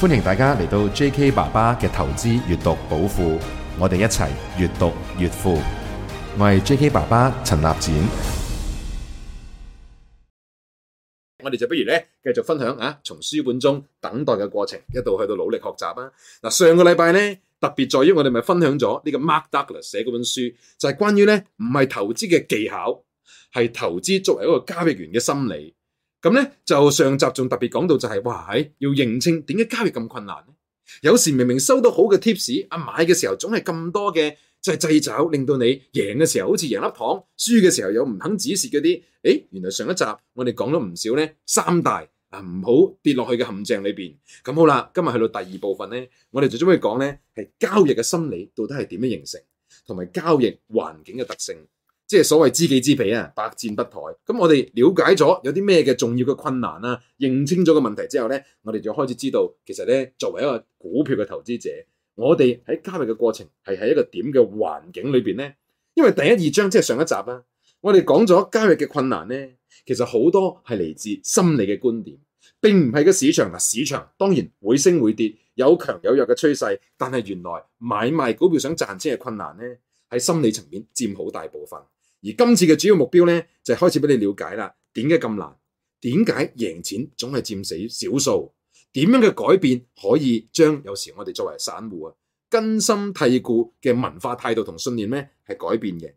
歡迎大家嚟到 J.K. 爸爸嘅投資閱讀寶庫，我哋一齊越讀越富。我係 J.K. 爸爸陳立展，我哋就不如呢，繼續分享啊，從書本中等待嘅過程，一路去到努力學習啊。嗱，上個禮拜呢，特別在於我哋咪分享咗呢個 Mark Douglas 寫嗰本書，就係關於呢唔係投資嘅技巧，係投資作為一個交易員嘅心理。咁咧就上集仲特別講到就係、是、哇，要認清點解交易咁困難咧，有時明明收到好嘅 tips，阿買嘅時候總係咁多嘅就係掣肘，令到你贏嘅時候好似贏粒糖，輸嘅時候又唔肯指示止蝕嗰啲，誒、欸，原來上一集我哋講咗唔少咧三大啊唔好跌落去嘅陷阱裏邊。咁好啦，今日去到第二部分咧，我哋就中意講咧係交易嘅心理到底係點樣形成，同埋交易環境嘅特性。即係所謂知己知彼啊，百戰不殆。咁我哋了解咗有啲咩嘅重要嘅困難啦、啊，認清咗個問題之後呢，我哋就開始知道其實呢，作為一個股票嘅投資者，我哋喺交易嘅過程係喺一個點嘅環境裏邊呢。因為第一二章即係上一集啦、啊，我哋講咗交易嘅困難呢，其實好多係嚟自心理嘅觀點，並唔係個市場嗱。市場當然會升會跌，有強有弱嘅趨勢，但係原來買賣股票想賺錢嘅困難呢，喺心理層面佔好大部分。而今次嘅主要目標呢，就開始俾你了解啦。點解咁難？點解贏錢總係佔死少數？點樣嘅改變可以將有時我哋作為散戶啊根深蒂固嘅文化態度同信念呢係改變嘅。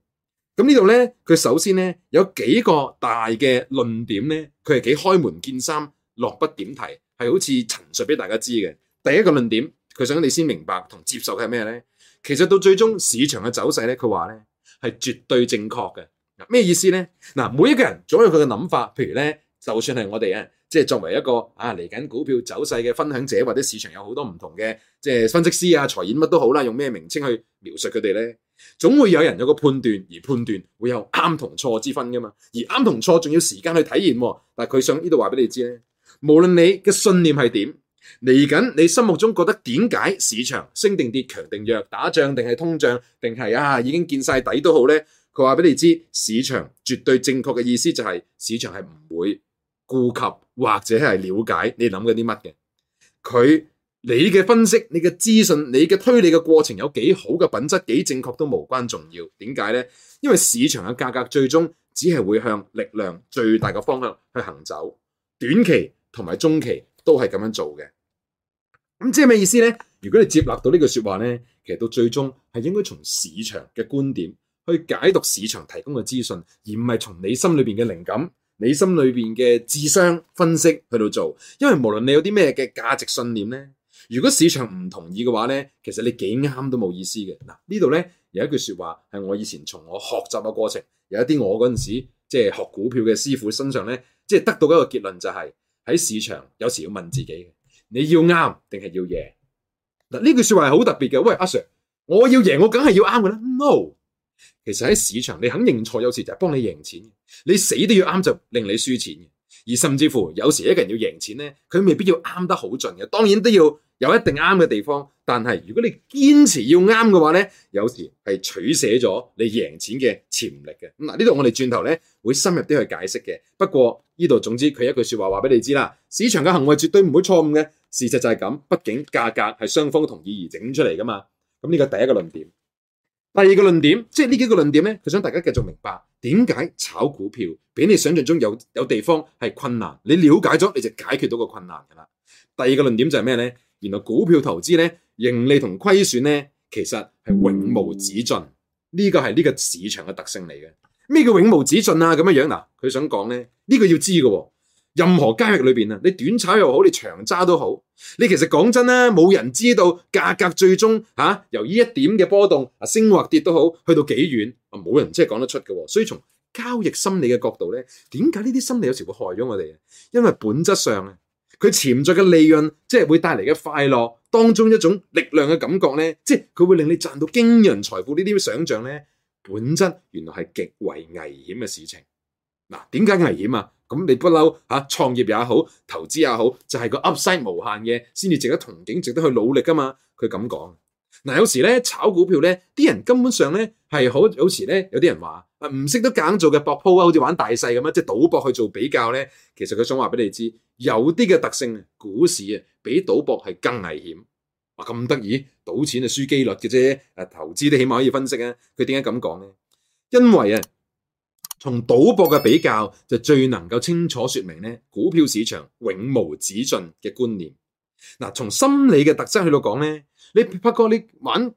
咁呢度呢，佢首先呢，有幾個大嘅論點呢，佢係幾開門見山，落筆點題，係好似陳述俾大家知嘅。第一個論點，佢想你先明白同接受嘅係咩呢？其實到最終市場嘅走勢呢，佢話呢。係絕對正確嘅，咩意思呢？嗱，每一個人總有佢嘅諗法，譬如呢，就算係我哋啊，即係作為一個啊嚟緊股票走勢嘅分享者，或者市場有好多唔同嘅即係分析師啊、財演乜都好啦，用咩名稱去描述佢哋呢，總會有人有個判斷，而判斷會有啱同錯之分噶嘛。而啱同錯仲要時間去體驗。但係佢想呢度話俾你知呢，無論你嘅信念係點。嚟緊，你心目中覺得點解市場升定跌、強定弱、打仗定係通脹定係啊？已經見晒底都好呢。佢話俾你知，市場絕對正確嘅意思就係，是，市場係唔會顧及或者係了解你諗緊啲乜嘅。佢你嘅分析、你嘅資訊、你嘅推理嘅過程有幾好嘅品質、幾正確都無關重要。點解呢？因為市場嘅價格最終只係會向力量最大嘅方向去行走，短期同埋中期都係咁樣做嘅。咁即係咩意思呢？如果你接納到呢句說話呢，其實到最終係應該從市場嘅觀點去解讀市場提供嘅資訊，而唔係從你心裏邊嘅靈感、你心裏邊嘅智商分析去到做。因為無論你有啲咩嘅價值信念呢，如果市場唔同意嘅話呢，其實你幾啱都冇意思嘅。嗱，呢度呢有一句說話係我以前從我學習嘅過程，有一啲我嗰陣時即係學股票嘅師傅身上呢，即係得到一個結論就係喺市場有時要問自己。你要啱定係要贏？嗱，呢句說話係好特別嘅。喂，阿 Sir，我要贏，我梗係要啱嘅啦。No，其實喺市場，你肯認錯，有時就係幫你贏錢。你死都要啱，就令你輸錢。而甚至乎，有時一個人要贏錢咧，佢未必要啱得好盡嘅，當然都要。有一定啱嘅地方，但係如果你堅持要啱嘅話呢，有時係取捨咗你贏錢嘅潛力嘅。咁嗱，呢度我哋轉頭咧會深入啲去解釋嘅。不過呢度總之佢一句說話話俾你知啦，市場嘅行為絕對唔會錯誤嘅。事實就係咁，畢竟價格係雙方同意而整出嚟噶嘛。咁呢個第一個論點，第二個論點，即係呢幾個論點呢，佢想大家繼續明白點解炒股票比你想象中有有地方係困難。你了解咗你就解決到個困難噶啦。第二個論點就係咩呢？原來股票投資咧，盈利同虧損咧，其實係永無止盡。呢、這個係呢個市場嘅特性嚟嘅。咩叫永無止盡啊？咁樣樣嗱，佢想講咧，呢、這個要知嘅、哦。任何交易裏邊啊，你短炒又好，你長揸都好，你其實講真啦，冇人知道價格最終嚇、啊、由呢一點嘅波動啊，升或跌都好，去到幾遠啊，冇人即係講得出嘅、哦。所以從交易心理嘅角度咧，點解呢啲心理有時會害咗我哋啊？因為本質上啊。佢潛在嘅利潤，即係會帶嚟嘅快樂，當中一種力量嘅感覺咧，即係佢會令你賺到驚人財富呢啲想像呢，本質原來係極為危險嘅事情。嗱，點解危險啊？咁你不嬲嚇創業也好，投資也好，就係個 Upside 無限嘅，先至值得憧憬，值得去努力噶嘛。佢咁講。嗱、啊，有時咧炒股票咧，啲人根本上咧係好，有時咧有啲人話啊唔識得揀做嘅博鋪啊，好似玩大細咁啊，即係賭博去做比較咧。其實佢想話俾你知，有啲嘅特性，股市啊比賭博係更危險。哇、啊，咁得意，賭錢係輸機率嘅啫。誒、啊，投資你起碼可以分析啊。佢點解咁講咧？因為啊，從賭博嘅比較就最能夠清楚說明咧，股票市場永無止盡嘅觀念。嗱、啊，從心理嘅特質去到講咧。你不過你玩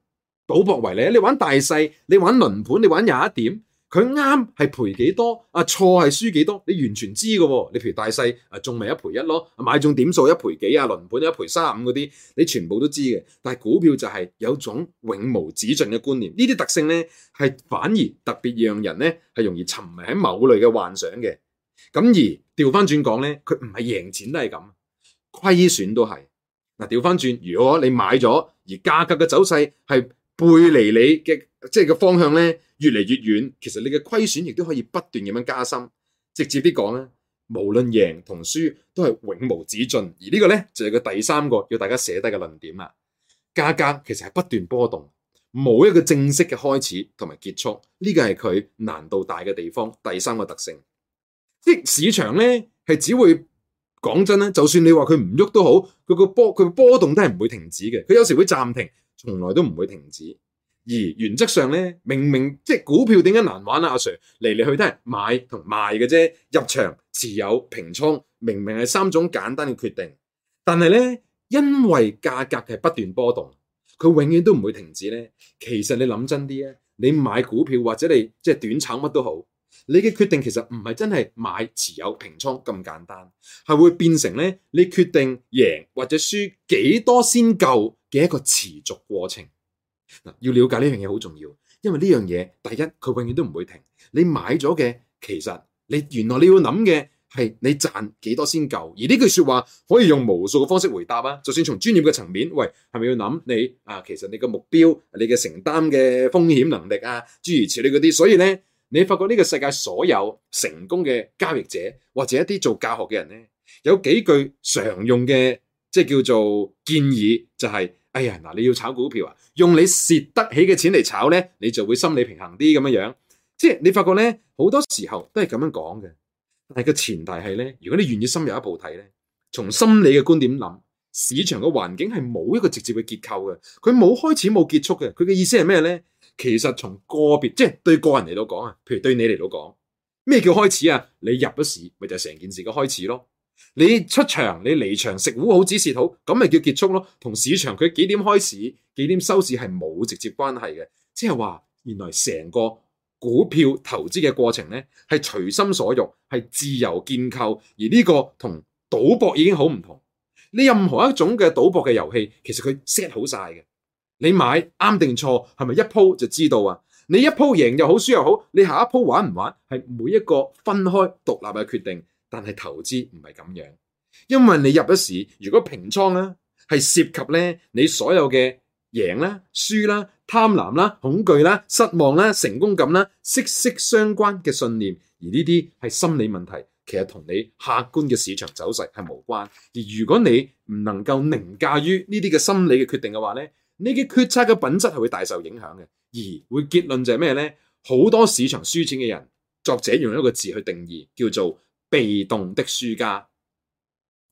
賭博為例，你玩大細，你玩輪盤，你玩廿一點，佢啱係賠幾多，啊錯係輸幾多，你完全知嘅喎、哦。你譬如大細啊仲咪一賠一咯、啊，買中點數一賠幾啊，輪盤一賠三十五嗰啲，你全部都知嘅。但係股票就係有種永無止盡嘅觀念，呢啲特性咧係反而特別讓人咧係容易沉迷喺某類嘅幻想嘅。咁而調翻轉講咧，佢唔係贏錢都係咁，虧損都係。嗱，調翻轉，如果你買咗，而價格嘅走勢係背離你嘅即係個方向咧，越嚟越遠。其實你嘅虧損亦都可以不斷咁樣加深。直接啲講咧，無論贏同輸都係永無止盡。而呢個咧就係個第三個要大家寫低嘅論點啊。價格其實係不斷波動，冇一個正式嘅開始同埋結束。呢個係佢難度大嘅地方。第三個特性，即市場咧係只會。講真咧，就算你話佢唔喐都好，佢個波佢波動都係唔會停止嘅。佢有時會暫停，從來都唔會停止。而原則上咧，明明即係股票點解難玩啊？阿 Sir 嚟嚟去都係買同賣嘅啫，入場持有平倉，明明係三種簡單嘅決定。但係咧，因為價格係不斷波動，佢永遠都唔會停止咧。其實你諗真啲咧，你買股票或者你即係、就是、短炒乜都好。你嘅決定其實唔係真係買、持有、平倉咁簡單，係會變成咧你決定贏或者輸幾多先夠嘅一個持續過程。要了解呢樣嘢好重要，因為呢樣嘢第一，佢永遠都唔會停。你買咗嘅其實你原來你要諗嘅係你賺幾多先夠，而呢句説話可以用無數嘅方式回答啊。就算從專業嘅層面，喂係咪要諗你啊？其實你嘅目標、你嘅承擔嘅風險能力啊，諸如此類嗰啲，所以呢。你發覺呢個世界所有成功嘅交易者或者一啲做教學嘅人呢，有幾句常用嘅即係叫做建議，就係，哎呀嗱，你要炒股票啊，用你蝕得起嘅錢嚟炒呢，你就會心理平衡啲咁樣樣。即係你發覺呢，好多時候都係咁樣講嘅，但係個前提係呢，如果你願意深入一步睇呢，從心理嘅觀點諗，市場嘅環境係冇一個直接嘅結構嘅，佢冇開始冇結束嘅，佢嘅意思係咩呢？其實從個別，即係對個人嚟到講啊，譬如對你嚟到講，咩叫開始啊？你入咗市，咪就係成件事嘅開始咯。你出場，你離場，食糊好，止蝕好，咁咪叫結束咯。同市場佢幾點開始，幾點收市係冇直接關係嘅。即係話，原來成個股票投資嘅過程咧，係隨心所欲，係自由建構，而呢個同賭博已經好唔同。你任何一種嘅賭博嘅遊戲，其實佢 set 好晒嘅。你買啱定錯係咪一鋪就知道啊？你一鋪贏又好，輸又好，你下一鋪玩唔玩係每一個分開獨立嘅決定。但係投資唔係咁樣，因為你入咗市，如果平倉啦，係涉及咧你所有嘅贏啦、輸啦、貪婪啦、恐懼啦、失望啦、成功感啦，息息相關嘅信念。而呢啲係心理問題，其實同你客觀嘅市場走勢係無關。而如果你唔能夠凌駕於呢啲嘅心理嘅決定嘅話咧。你嘅決策嘅品質係會大受影響嘅，而會結論就係咩咧？好多市場輸錢嘅人，作者用一個字去定義，叫做被動的輸家。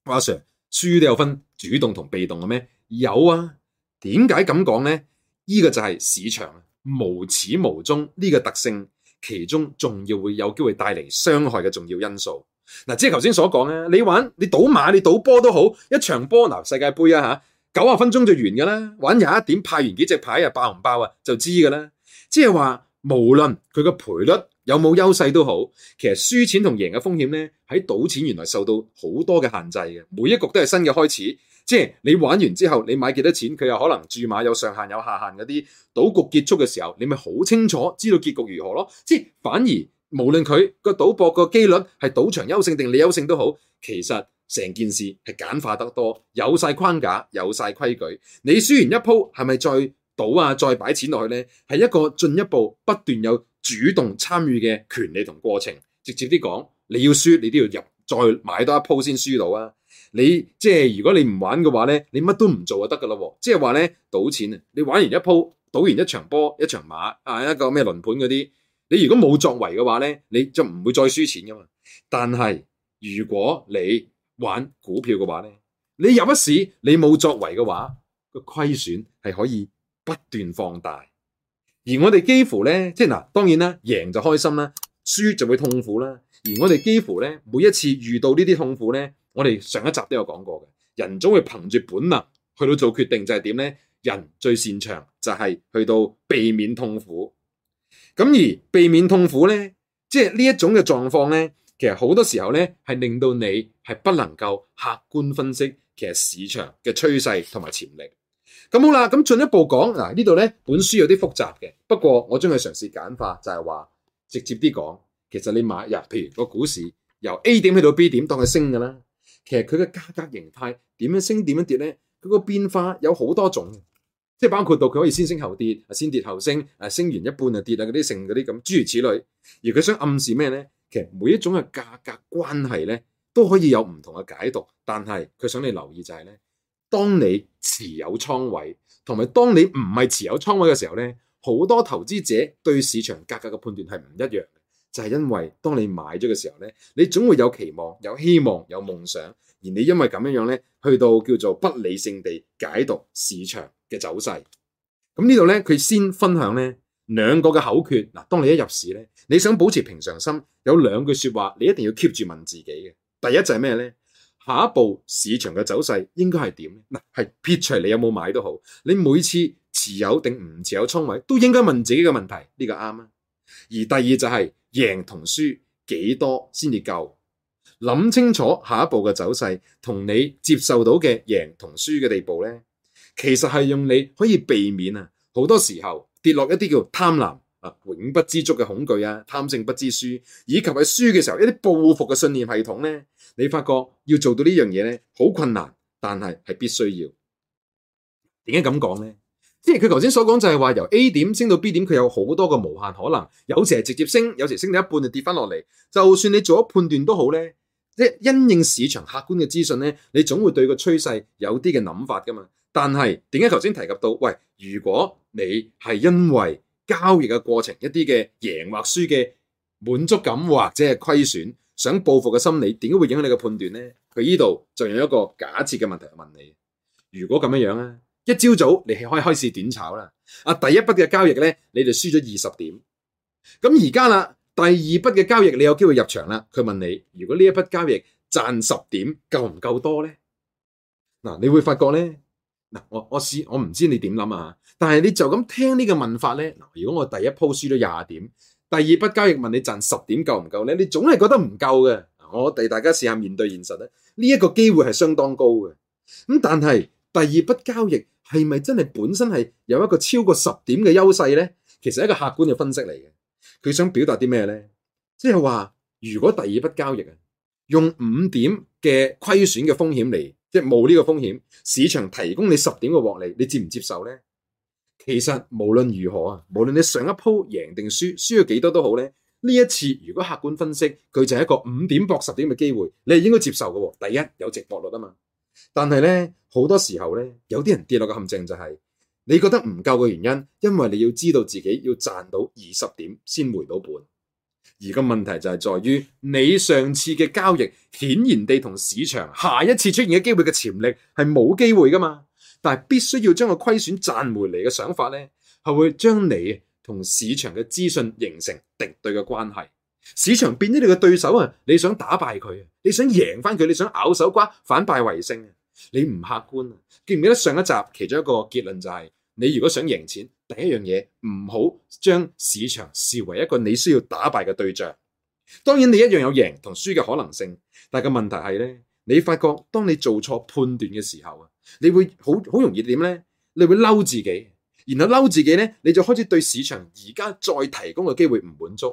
阿 Sir，輸都有分主動同被動嘅咩？有啊，點解咁講咧？呢個就係市場無始無終呢個特性，其中仲要會有機會帶嚟傷害嘅重要因素。嗱，即係頭先所講咧，你玩你賭馬、你賭波都好，一場波拿世界杯啊吓！九十分鐘就完噶啦，玩廿一點派完幾隻牌爆爆啊，爆唔爆啊就知噶啦。即係話，無論佢個賠率有冇優勢都好，其實輸錢同贏嘅風險咧，喺賭錢原來受到好多嘅限制嘅。每一局都係新嘅開始，即係你玩完之後，你買幾多錢，佢又可能注碼有上限有下限嗰啲。賭局結束嘅時候，你咪好清楚知道結局如何咯。即反而無論佢個賭博個機率係賭場優勝定你優勝都好，其實，成件事係簡化得多，有晒框架，有晒規矩。你輸完一鋪，係咪再賭啊？再擺錢落去呢？係一個進一步不斷有主動參與嘅權利同過程。直接啲講，你要輸，你都要入，再買多一鋪先輸到啊！你即係、就是、如果你唔玩嘅話呢，你乜都唔做就得噶啦。即係話呢，賭錢啊，你玩完一鋪，賭完一場波、一場馬啊，一個咩輪盤嗰啲，你如果冇作為嘅話呢，你就唔會再輸錢噶嘛、啊。但係如果你玩股票嘅話咧，你入一市，你冇作為嘅話，個虧損係可以不斷放大。而我哋幾乎咧，即係嗱，當然啦，贏就開心啦，輸就會痛苦啦。而我哋幾乎咧，每一次遇到呢啲痛苦咧，我哋上一集都有講過嘅，人總會憑住本能去到做決定，就係點咧？人最擅長就係去到避免痛苦。咁而避免痛苦咧，即係呢一種嘅狀況咧。其實好多時候咧，係令到你係不能夠客觀分析其實市場嘅趨勢同埋潛力。咁、嗯、好啦，咁、嗯、進一步講嗱，啊、呢度咧本書有啲複雜嘅，不過我將佢嘗試簡化，就係、是、話直接啲講。其實你買入、啊，譬如個股市由 A 點去到 B 點，當佢升㗎啦。其實佢嘅價格形態點樣升、點樣跌咧？佢個變化有好多種，即係包括到佢可以先升後跌、啊先跌後升、啊升完一半就跌啊嗰啲剩嗰啲咁，諸如此類。而佢想暗示咩咧？其實每一種嘅價格關係咧都可以有唔同嘅解讀，但係佢想你留意就係咧，當你持有倉位同埋當你唔係持有倉位嘅時候咧，好多投資者對市場價格嘅判斷係唔一樣嘅，就係因為當你買咗嘅時候咧，你總會有期望、有希望、有夢想，而你因為咁樣樣咧，去到叫做不理性地解讀市場嘅走勢。咁呢度咧，佢先分享咧兩個嘅口訣嗱，當你一入市咧。你想保持平常心，有兩句説話你一定要 keep 住問自己嘅。第一就係咩呢？下一步市場嘅走勢應該係點呢？嗱，係撇除你有冇買都好，你每次持有定唔持有倉位，都應該問自己嘅問題。呢個啱啦。而第二就係贏同輸幾多先至夠，諗清楚下一步嘅走勢同你接受到嘅贏同輸嘅地步呢，其實係用你可以避免啊好多時候跌落一啲叫貪婪。啊，永不知足嘅恐懼啊，貪勝不知輸，以及喺輸嘅時候一啲報復嘅信念系統咧，你發覺要做到呢樣嘢咧，好困難，但係係必須要。點解咁講咧？即係佢頭先所講就係話，由 A 點升到 B 點，佢有好多個無限可能。有時係直接升，有時升到一半就跌翻落嚟。就算你做咗判斷都好咧，即係因應市場客觀嘅資訊咧，你總會對個趨勢有啲嘅諗法噶嘛。但係點解頭先提及到喂，如果你係因為？交易嘅過程，一啲嘅贏或輸嘅滿足感，或者係虧損，想報復嘅心理，點解會影響你嘅判斷呢？佢呢度就有一個假設嘅問題問你：如果咁樣樣咧，一朝早你係可以開始短炒啦，啊第一筆嘅交易呢，你就輸咗二十點，咁而家啦，第二筆嘅交易你有機會入場啦，佢問你：如果呢一筆交易賺十點，夠唔夠多呢？」嗱，你會發覺呢。嗱，我試我試我唔知你點諗啊。但係你就咁聽呢個問法咧，嗱，如果我第一鋪輸咗廿點，第二筆交易問你賺十點夠唔夠咧？你總係覺得唔夠嘅。我哋大家試下面對現實啦。呢一個機會係相當高嘅，咁但係第二筆交易係咪真係本身係有一個超過十點嘅優勢咧？其實一個客觀嘅分析嚟嘅，佢想表達啲咩咧？即係話，如果第二筆交易啊，用五點嘅虧損嘅風險嚟，即係冇呢個風險，市場提供你十點嘅獲利，你接唔接受咧？其實無論如何啊，無論你上一鋪贏定輸，輸咗幾多都好咧。呢一次如果客觀分析，佢就係一個五點博十點嘅機會，你係應該接受嘅。第一有直博率啊嘛。但係咧，好多時候咧，有啲人跌落嘅陷阱就係、是、你覺得唔夠嘅原因，因為你要知道自己要賺到二十點先回到本。而個問題就係在於，你上次嘅交易顯然地同市場下一次出現嘅機會嘅潛力係冇機會噶嘛。但係必須要將個虧損賺回嚟嘅想法呢，係會將你同市場嘅資訊形成敵對嘅關係，市場變咗你嘅對手啊！你想打敗佢，你想贏翻佢，你想咬手瓜反敗為勝，你唔客觀啊！記唔記得上一集其中一個結論就係，你如果想贏錢，第一樣嘢唔好將市場視為一個你需要打敗嘅對象。當然你一樣有贏同輸嘅可能性，但係個問題係呢，你發覺當你做錯判斷嘅時候你會好好容易點咧？你會嬲自己，然後嬲自己咧，你就開始對市場而家再提供嘅機會唔滿足，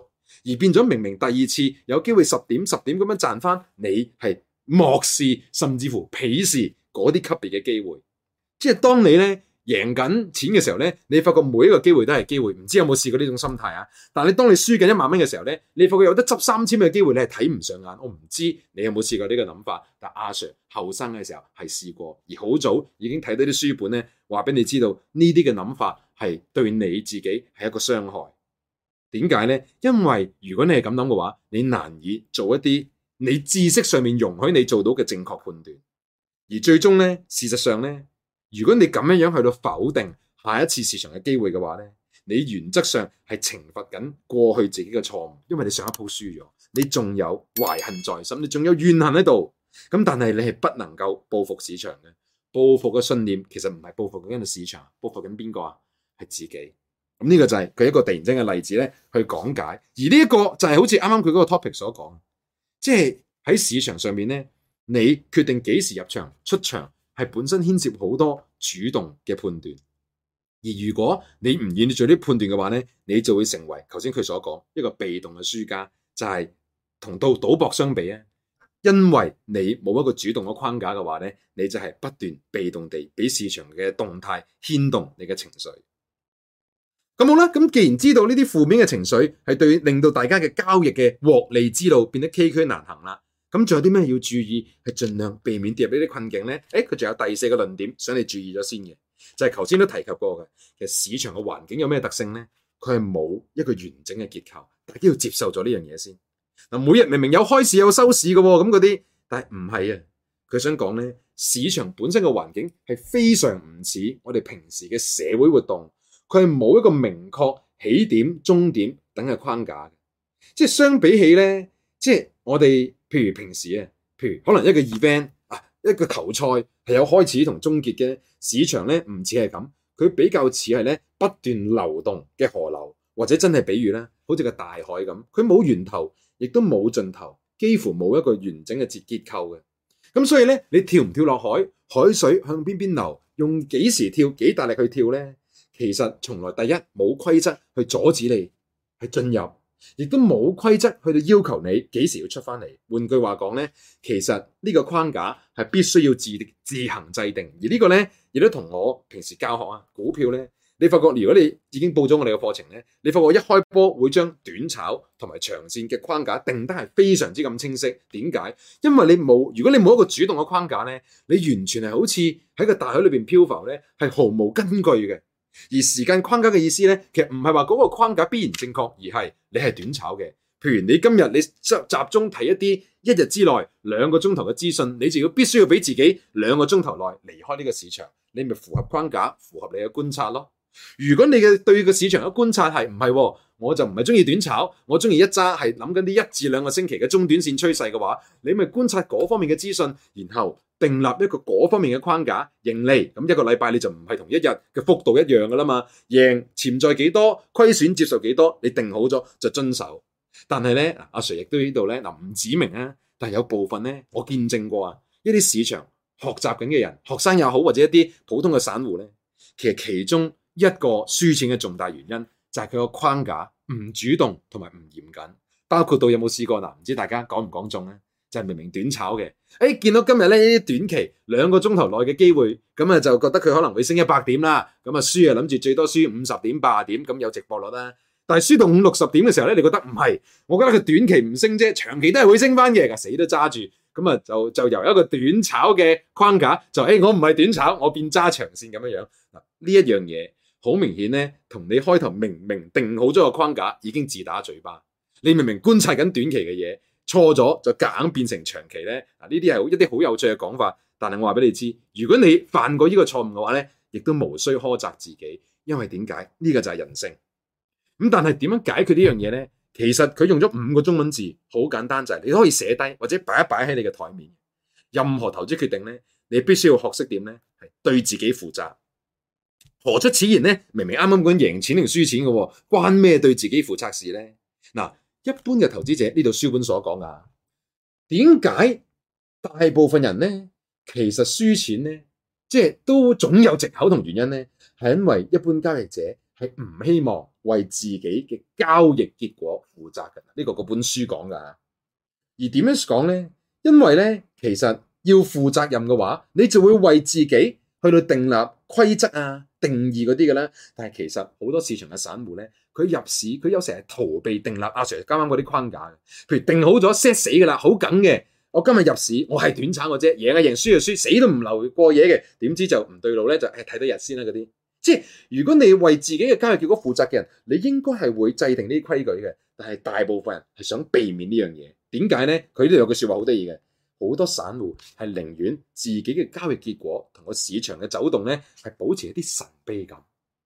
而變咗明明第二次有機會十點十點咁樣賺翻，你係漠視甚至乎鄙視嗰啲級別嘅機會，即係當你咧。贏緊錢嘅時候呢，你發覺每一個機會都係機會，唔知有冇試過呢種心態啊？但係你當你輸緊一萬蚊嘅時候呢，你發覺有得執三千蚊嘅機會，你係睇唔上眼。我唔知你有冇試過呢個諗法，但阿 Sir 後生嘅時候係試過，而好早已經睇到啲書本呢，話俾你知道呢啲嘅諗法係對你自己係一個傷害。點解呢？因為如果你係咁諗嘅話，你難以做一啲你知識上面容許你做到嘅正確判斷，而最終呢，事實上呢。如果你咁樣樣去到否定下一次市場嘅機會嘅話呢，你原則上係懲罰緊過去自己嘅錯誤，因為你上一鋪輸咗，你仲有懷恨在心，你仲有怨恨喺度。咁但係你係不能夠報復市場嘅，報復嘅信念其實唔係報復緊市場，報復緊邊個啊？係自己。咁、嗯、呢、呢個就係佢一個突然間嘅例子呢去講解。而呢一個就係好似啱啱佢嗰個 topic 所講，即係喺市場上面呢，你決定幾時入場、出場。係本身牽涉好多主動嘅判斷，而如果你唔願意做啲判斷嘅話呢，你就會成為頭先佢所講一個被動嘅輸家，就係、是、同到賭博相比啊，因為你冇一個主動嘅框架嘅話呢，你就係不斷被動地俾市場嘅動態牽動你嘅情緒。咁、嗯、好啦，咁既然知道呢啲負面嘅情緒係對令到大家嘅交易嘅獲利之路變得崎嶇難行啦。咁仲有啲咩要注意，係盡量避免跌入呢啲困境呢？誒、欸，佢仲有第四個論點想你注意咗先嘅，就係頭先都提及過嘅其實市場嘅環境有咩特性呢？佢係冇一個完整嘅結構，大家要接受咗呢樣嘢先。嗱，每日明明有開市有收市嘅喎，咁嗰啲，但係唔係啊？佢想講呢，市場本身嘅環境係非常唔似我哋平時嘅社會活動，佢係冇一個明確起點、終點等嘅框架嘅。即係相比起呢，即係我哋。譬如平時啊，譬如可能一個 event 啊，一個球賽係有開始同終結嘅，市場咧，唔似係咁，佢比較似係咧，不斷流動嘅河流，或者真係比喻咧，好似個大海咁，佢冇源頭，亦都冇盡頭，幾乎冇一個完整嘅結構嘅。咁所以咧，你跳唔跳落海，海水向邊邊流，用幾時跳，幾大力去跳咧，其實從來第一冇規則去阻止你係進入。亦都冇規則去到要求你幾時要出翻嚟。換句話講呢，其實呢個框架係必須要自自行制定。而呢個呢，亦都同我平時教學啊，股票呢，你發覺如果你已經報咗我哋嘅課程呢，你發覺一開波會將短炒同埋長線嘅框架定得係非常之咁清晰。點解？因為你冇，如果你冇一個主動嘅框架呢，你完全係好似喺個大海裏邊漂浮呢，係毫無根據嘅。而時間框架嘅意思呢，其實唔係話嗰個框架必然正確，而係你係短炒嘅。譬如你今日你集中睇一啲一日之內兩個鐘頭嘅資訊，你就要必須要俾自己兩個鐘頭內離開呢個市場，你咪符合框架，符合你嘅觀察咯。如果你嘅對個市場嘅觀察係唔係，我就唔係中意短炒，我中意一揸係諗緊啲一至兩個星期嘅中短線趨勢嘅話，你咪觀察嗰方面嘅資訊，然後定立一個嗰方面嘅框架盈利，咁一個禮拜你就唔係同一日嘅幅度一樣噶啦嘛，贏潛在幾多，虧損接受幾多，你定好咗就遵守。但係咧，阿 Sir 亦都喺度咧，嗱唔指明啊，但係有部分咧，我見證過啊，一啲市場學習緊嘅人，學生又好，或者一啲普通嘅散戶咧，其實其中。一個輸錢嘅重大原因就係佢個框架唔主動同埋唔嚴謹，包括到有冇試過嗱？唔知大家講唔講中咧？就係、是、明明短炒嘅，誒、欸、見到今日咧短期兩個鐘頭內嘅機會，咁啊就覺得佢可能會升一百點啦，咁啊輸啊諗住最多輸五十點八十點咁有直播率啦。但係輸到五六十點嘅時候咧，你覺得唔係？我覺得佢短期唔升啫，長期都係會升翻嘅。嗱死都揸住，咁啊就就由一個短炒嘅框架就誒、欸，我唔係短炒，我變揸長線咁樣樣。呢一樣嘢。好明顯咧，同你開頭明明定好咗個框架，已經自打嘴巴。你明明觀察緊短期嘅嘢，錯咗就夾硬變成長期咧。啊，呢啲係一啲好有趣嘅講法。但係我話俾你知，如果你犯過呢個錯誤嘅話咧，亦都無需苛責自己，因為點解？呢個就係人性。咁但係點樣解決呢樣嘢咧？其實佢用咗五個中文字，好簡單就係、是，你可以寫低或者擺一擺喺你嘅台面任何投資決定咧，你必須要學識點咧，係對自己負責。何出此言呢？明明啱啱講贏錢定輸錢嘅喎，關咩對自己負責事呢？嗱，一般嘅投資者呢度書本所講噶，點解大部分人呢，其實輸錢呢，即係都總有借口同原因呢？係因為一般交易者係唔希望為自己嘅交易結果負責嘅，呢個嗰本書講噶。而點樣講呢？因為呢，其實要負責任嘅話，你就會為自己。去到定立規則啊、定義嗰啲嘅咧，但係其實好多市場嘅散戶咧，佢入市佢有時係逃避定立阿 Sir 啱啱嗰啲框架，譬如定好咗 set 死㗎啦，好緊嘅，我今日入市我係短炒嘅啫，贏啊贏，輸就輸，死都唔留過夜嘅，點知就唔對路咧，就誒睇到日先啦嗰啲。即係如果你為自己嘅交易結果負責嘅人，你應該係會制定呢啲規矩嘅，但係大部分人係想避免呢樣嘢。點解咧？佢都有句説話好得意嘅。好多散戶係寧願自己嘅交易結果同個市場嘅走動咧，係保持一啲神秘感。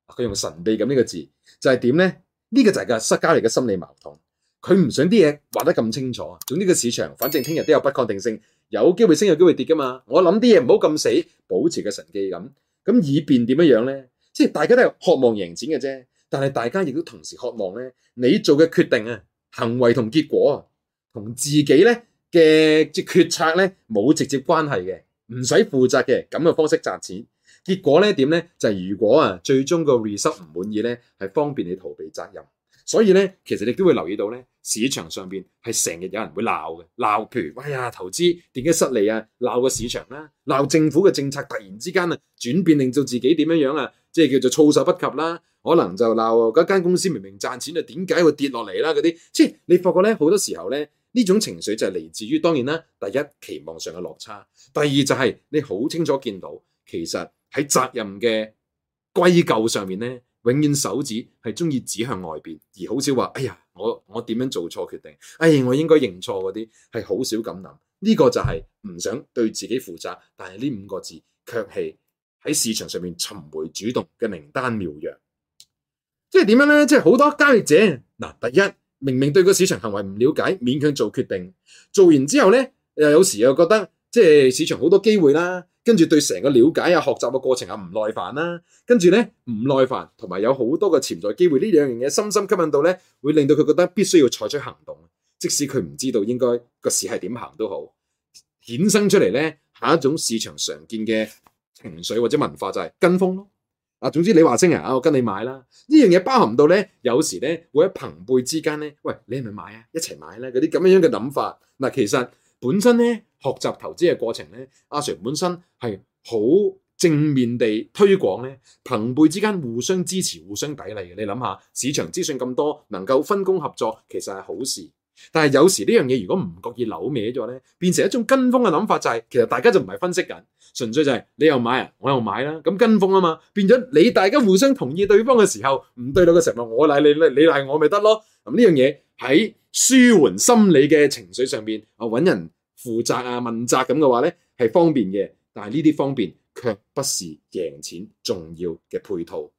佢、啊、用神秘感呢個字就係點咧？呢、這個就係個失加嚟嘅心理矛盾。佢唔想啲嘢話得咁清楚。總之個市場，反正聽日都有不確定性，有機會升有機會跌㗎嘛。我諗啲嘢唔好咁死，保持個神機咁，咁、啊、以便點樣樣咧？即係大家都係渴望贏錢嘅啫，但係大家亦都同時渴望咧，你做嘅決定啊、行為同結果啊，同自己咧。嘅即係決策咧，冇直接關係嘅，唔使負責嘅咁嘅方式賺錢，結果咧點咧就係、是、如果啊最終個 result 唔滿意咧，係方便你逃避責任。所以咧，其實你都會留意到咧，市場上邊係成日有人會鬧嘅鬧，譬如喂、哎、呀投資點解失利啊，鬧個市場啦、啊，鬧政府嘅政策突然之間啊轉變，令到自己點樣樣啊，即係叫做措手不及啦、啊。可能就鬧嗰間公司明明賺錢啊，點解會跌落嚟啦嗰啲。即你發覺咧，好多時候咧。呢種情緒就係嚟自於當然啦，第一，期望上嘅落差，第二就係、是、你好清楚見到，其實喺責任嘅歸咎上面咧，永遠手指係鍾意指向外邊，而好少話，哎呀，我我點樣做錯決定？哎，我應該認錯嗰啲，係好少咁諗。呢、這個就係唔想對自己負責，但係呢五個字卻係喺市場上面尋回主動嘅靈丹妙藥。即係點樣呢？即係好多交易者嗱，第一。明明對個市場行為唔了解，勉強做決定，做完之後呢，又有時又覺得即係市場好多機會啦，跟住對成個了解啊、學習嘅過程啊唔耐煩啦，跟住呢，唔耐煩，同埋有好多嘅潛在機會呢兩樣嘢深深吸引到呢，會令到佢覺得必須要採取行動，即使佢唔知道應該個市係點行都好，衍生出嚟呢，下一種市場常見嘅情緒或者文化就係跟風咯。啊，總之你話聲啊，我跟你買啦！呢樣嘢包含到咧，有時咧會喺朋輩之間咧，喂，你係咪買啊？一齊買啦，啊！嗰啲咁樣樣嘅諗法，嗱，其實本身咧學習投資嘅過程咧，阿 Sir 本身係好正面地推廣咧，朋輩之間互相支持、互相砥礪嘅。你諗下，市場資訊咁多，能夠分工合作，其實係好事。但係有時呢樣嘢如果唔覺意扭歪咗呢，變成一種跟風嘅諗法，就係其實大家就唔係分析緊，純粹就係你又買啊，我又買啦，咁跟風啊嘛，變咗你大家互相同意對方嘅時候，唔對到嘅時候，我賴你，你賴我咪得咯。咁呢樣嘢喺舒緩心理嘅情緒上邊，我搵人負責啊問責咁嘅話呢，係方便嘅，但係呢啲方便卻不是贏錢重要嘅配套。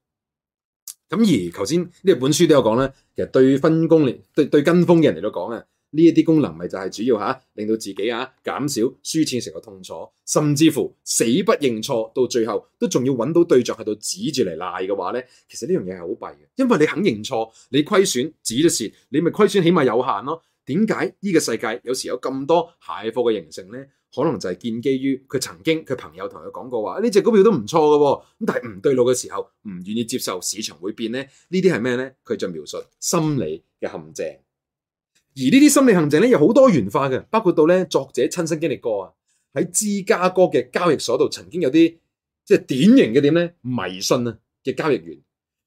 咁而頭先呢本書都有講咧，其實對分工嚟，對對跟風嘅人嚟到講啊，呢一啲功能咪就係主要吓令到自己啊減少輸錢成個痛楚，甚至乎死不認錯，到最後都仲要揾到對象喺度指住嚟賴嘅話咧，其實呢樣嘢係好弊嘅，因為你肯認錯，你虧損止咗蝕，你咪虧損起碼有限咯啊。點解呢個世界有時有咁多蟹貨嘅形成咧？可能就係建基於佢曾經佢朋友同佢講過話呢隻股票都唔錯嘅，咁但係唔對路嘅時候唔願意接受市場會變咧，呢啲係咩咧？佢就描述心理嘅陷阱，而呢啲心理陷阱咧有好多元化嘅，包括到咧作者親身經歷過啊，喺芝加哥嘅交易所度曾經有啲即係典型嘅點咧迷信啊嘅交易員，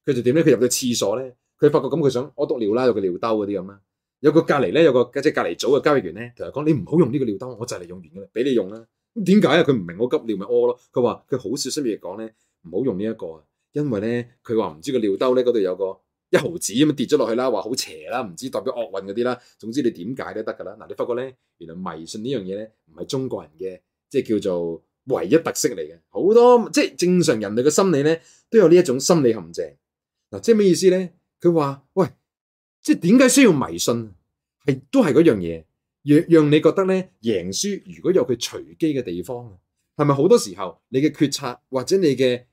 佢就點咧？佢入到廁所咧，佢發覺咁佢想屙篤尿啦，有個尿兜嗰啲咁啊。有個隔籬咧，有個即隔籬組嘅交易員咧，同佢講：你唔好用呢個尿兜，我就嚟用完噶啦，俾你用啦。咁點解啊？佢唔明，我急尿咪屙咯。佢話佢好少，順便講咧，唔好用呢一個，因為咧，佢話唔知個尿兜咧，嗰度有個一毫子咁樣跌咗落去啦，話好邪啦，唔知代表惡運嗰啲啦。總之你點解都得噶啦。嗱，你發覺咧，原來迷信呢樣嘢咧，唔係中國人嘅，即係叫做唯一特色嚟嘅。好多即係正常人類嘅心理咧，都有呢一種心理陷阱。嗱，即係咩意思咧？佢話喂。即係點解需要迷信？係都係嗰樣嘢，讓讓你覺得咧贏輸，如果有佢隨機嘅地方，係咪好多時候你嘅決策或者你嘅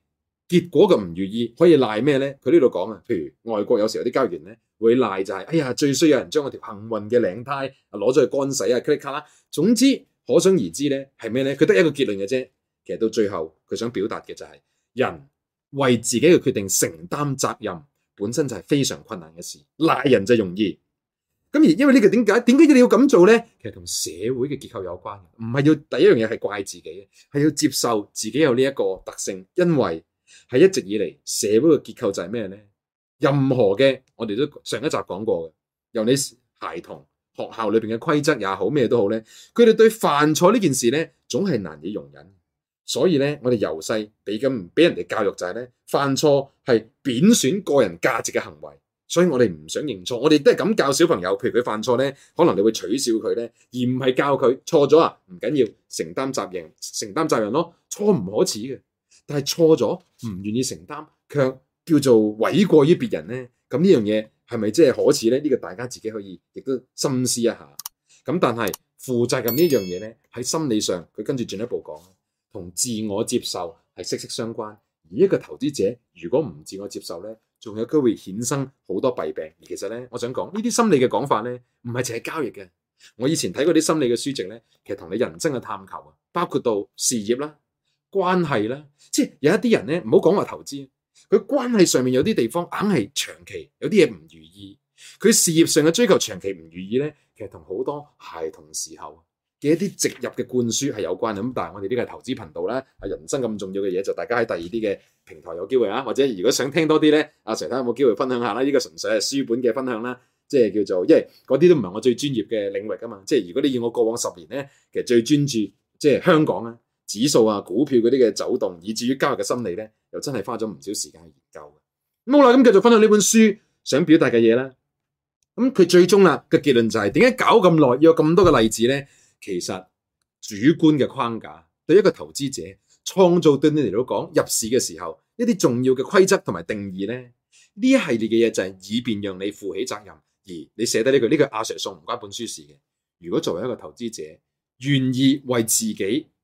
結果嘅唔如意，可以賴咩咧？佢呢度講啊，譬如外國有時候有啲交易員咧，會賴就係，哎呀，最衰有人將我條幸運嘅領帶啊攞咗去乾洗啊噼里卡啦。總之可想而知咧係咩咧？佢得一個結論嘅啫。其實到最後佢想表達嘅就係人為自己嘅決定承擔責任。本身就係非常困難嘅事，賴人就容易。咁而因為呢個點解？點解你要咁做呢？其實同社會嘅結構有關，唔係要第一樣嘢係怪自己，係要接受自己有呢一個特性。因為係一直以嚟社會嘅結構就係咩呢？任何嘅我哋都上一集講過嘅，由你孩童學校裏邊嘅規則也好，咩都好呢，佢哋對犯錯呢件事呢，總係難以容忍。所以咧，我哋由細俾咁俾人哋教育就係咧，犯錯係貶損個人價值嘅行為，所以我哋唔想認錯，我哋都係咁教小朋友。譬如佢犯錯咧，可能你會取笑佢咧，而唔係教佢錯咗啊，唔緊要，承擔責任，承擔責任咯，錯唔可恥嘅，但係錯咗唔願意承擔，卻叫做諉過於別人咧，咁呢樣嘢係咪即係可恥咧？呢個大家自己可以亦都深思一下。咁但係負責任呢樣嘢咧，喺心理上佢跟住進一步講。同自我接受係息息相關，而一個投資者如果唔自我接受咧，仲有機會衍生好多弊病。而其實咧，我想講呢啲心理嘅講法咧，唔係淨係交易嘅。我以前睇過啲心理嘅書籍咧，其實同你人生嘅探求啊，包括到事業啦、關係啦，即係有一啲人咧，唔好講話投資，佢關係上面有啲地方硬係長期有啲嘢唔如意，佢事業上嘅追求長期唔如意咧，其實同好多孩童時候，嘅一啲植入嘅灌輸係有關嘅，咁但係我哋呢個投資頻道啦，啊，人生咁重要嘅嘢就大家喺第二啲嘅平台有機會啊，或者如果想聽多啲咧，阿 Sir 睇下有冇機會分享下啦？呢個純粹係書本嘅分享啦，即係叫做，因為嗰啲都唔係我最專業嘅領域噶嘛，即係如果你以我過往十年咧，其實最專注即係香港啊指數啊股票嗰啲嘅走動，以至於交易嘅心理咧，又真係花咗唔少時間去研究。咁好啦，咁繼續分享呢本書想表達嘅嘢啦。咁佢最終啦嘅結論就係點解搞咁耐，要有咁多嘅例子咧？其實主觀嘅框架對一個投資者創造對你嚟到講入市嘅時候一啲重要嘅規則同埋定義呢，呢一系列嘅嘢就係以便讓你負起責任，而你寫得呢句呢句阿 Sir、啊、送唔關本書事嘅。如果作為一個投資者願意為自己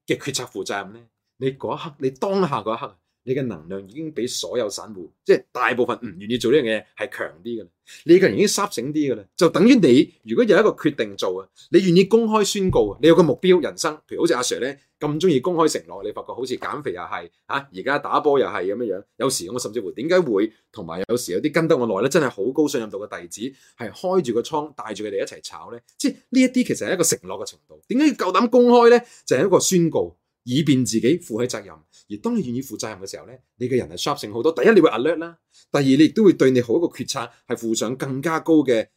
嘅決策負責任呢，你嗰一刻你當下嗰一刻。你嘅能量已經俾所有散戶，即係大部分唔願意做呢樣嘢係強啲嘅，你個人已經執醒啲嘅啦。就等於你如果有一個決定做啊，你願意公開宣告，你有個目標人生，譬如好似阿 Sir 咧咁中意公開承諾，你發覺好似減肥又係啊，而家打波又係咁樣樣。有時我甚至乎點解會同埋有，有時有啲跟得我耐咧，真係好高信任度嘅弟子係開住個倉帶住佢哋一齊炒咧。即係呢一啲其實係一個承諾嘅程度。點解要夠膽公開咧？就係一個宣告。以便自己負起責任，而當你願意負責任嘅時候咧，你嘅人係 sharp 性好多。第一，你會 alert 啦；第二，你亦都會對你好一個決策，係負上更加高嘅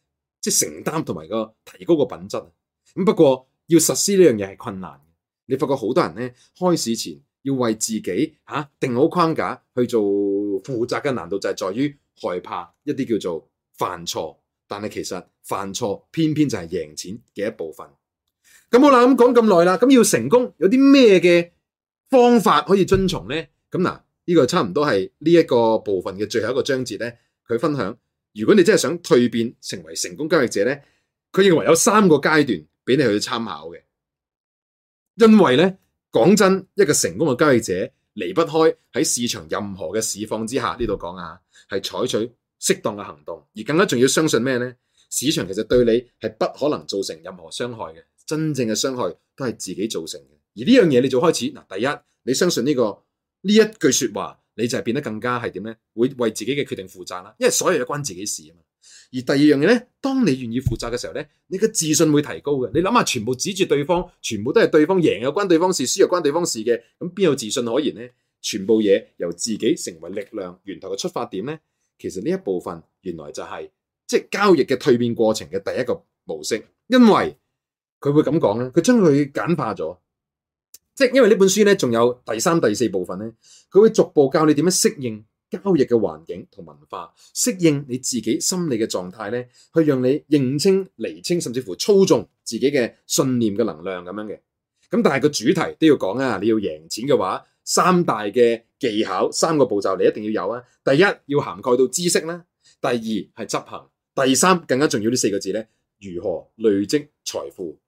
即係承擔同埋個提高個品質。咁不過要實施呢樣嘢係困難嘅。你發覺好多人咧，開市前要為自己嚇、啊、定好框架去做負責嘅難度就係在於害怕一啲叫做犯錯，但係其實犯錯偏偏就係贏錢嘅一部分。咁好啦，咁講咁耐啦，咁要成功有啲咩嘅方法可以遵從呢？咁嗱，呢個差唔多係呢一個部分嘅最後一個章節咧，佢分享。如果你真係想蛻變成為成功交易者呢，佢認為有三個階段俾你去參考嘅。因為呢，講真，一個成功嘅交易者離不開喺市場任何嘅市況之下，呢度講下係採取適當嘅行動，而更加重要相信咩呢？市場其實對你係不可能造成任何傷害嘅。真正嘅傷害都係自己造成嘅，而呢樣嘢你做開始嗱，第一你相信呢個呢一句説話，你就係變得更加係點呢？會為自己嘅決定負責啦，因為所有嘢關自己事啊嘛。而第二樣嘢呢，當你願意負責嘅時候呢，你嘅自信會提高嘅。你諗下，全部指住對方，全部都係對方贏又關對方事；輸又關對方事嘅，咁邊有自信可言呢？全部嘢由自己成為力量源頭嘅出發點呢？其實呢一部分原來就係即係交易嘅蛻變過程嘅第一個模式，因為。佢會咁講咧，佢將佢簡化咗，即因為呢本書咧，仲有第三、第四部分咧，佢會逐步教你點樣適應交易嘅環境同文化，適應你自己心理嘅狀態咧，去讓你認清、釐清甚至乎操縱自己嘅信念嘅能量咁樣嘅。咁但係個主題都要講啊，你要贏錢嘅話，三大嘅技巧、三個步驟你一定要有啊。第一要涵蓋到知識啦；第二係執行，第三更加重要呢四個字咧，如何累積財富。